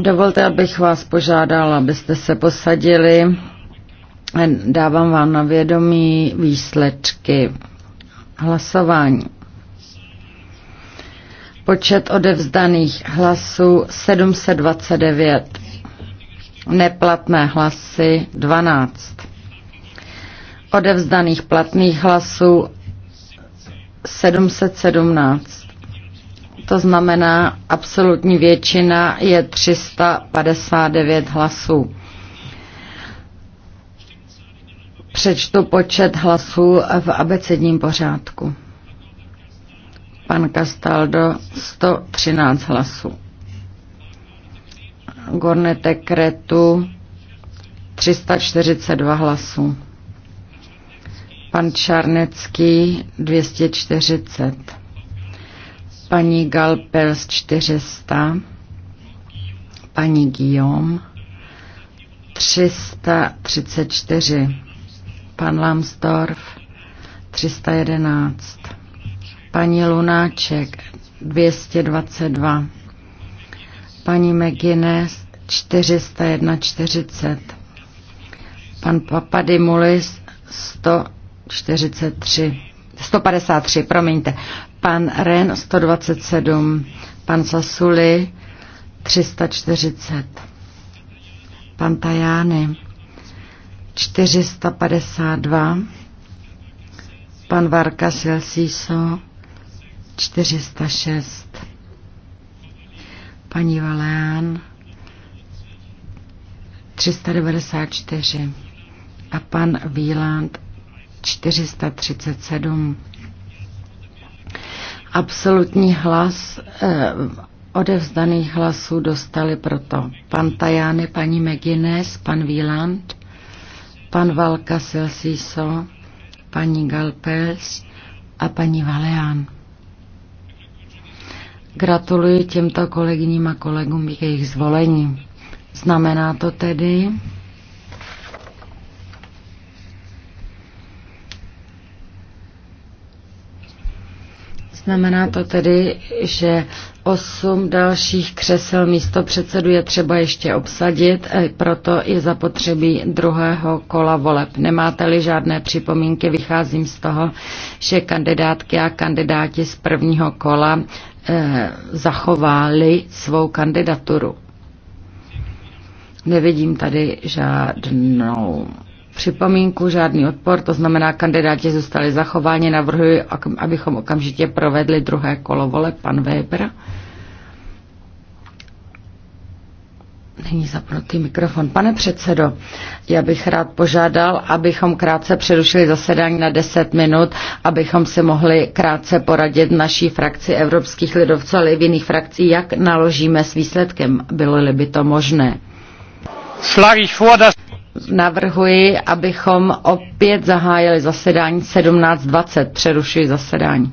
Dovolte, abych vás požádala, abyste se posadili. Dávám vám na vědomí výsledky hlasování. Počet odevzdaných hlasů 729. Neplatné hlasy 12. Odevzdaných platných hlasů 717 to znamená, absolutní většina je 359 hlasů. Přečtu počet hlasů v abecedním pořádku. Pan Castaldo 113 hlasů. Gornete Kretu 342 hlasů. Pan Čarnecký 240 paní Galpels 400, paní Guillaume 334, pan Lambsdorff 311, paní Lunáček 222, paní McGuinness 401,40, pan Papadimulis 143, 153, promiňte, pan Ren 127, pan Sasuli 340, pan Tajány 452, pan Varka Silsiso 406, paní Valán 394 a pan Výland 437 absolutní hlas eh, odevzdaných hlasů dostali proto pan Tajány, paní Megines, pan Wieland, pan Valka Silsiso, paní Galpels a paní Valeán. Gratuluji těmto kolegyním a kolegům k jejich zvolení. Znamená to tedy, Znamená to tedy, že osm dalších křesel místo předsedu je třeba ještě obsadit, eh, proto je zapotřebí druhého kola voleb. Nemáte-li žádné připomínky, vycházím z toho, že kandidátky a kandidáti z prvního kola eh, zachovali svou kandidaturu. Nevidím tady žádnou připomínku, žádný odpor, to znamená, kandidáti zůstali zachováni. Navrhuji, abychom okamžitě provedli druhé kolo vole. Pan Weber. Není zapnutý mikrofon. Pane předsedo, já bych rád požádal, abychom krátce přerušili zasedání na 10 minut, abychom si mohli krátce poradit naší frakci evropských lidovců, ale i v jiných frakcí, jak naložíme s výsledkem. Bylo-li by to možné navrhuji, abychom opět zahájili zasedání 17.20. Přerušuji zasedání.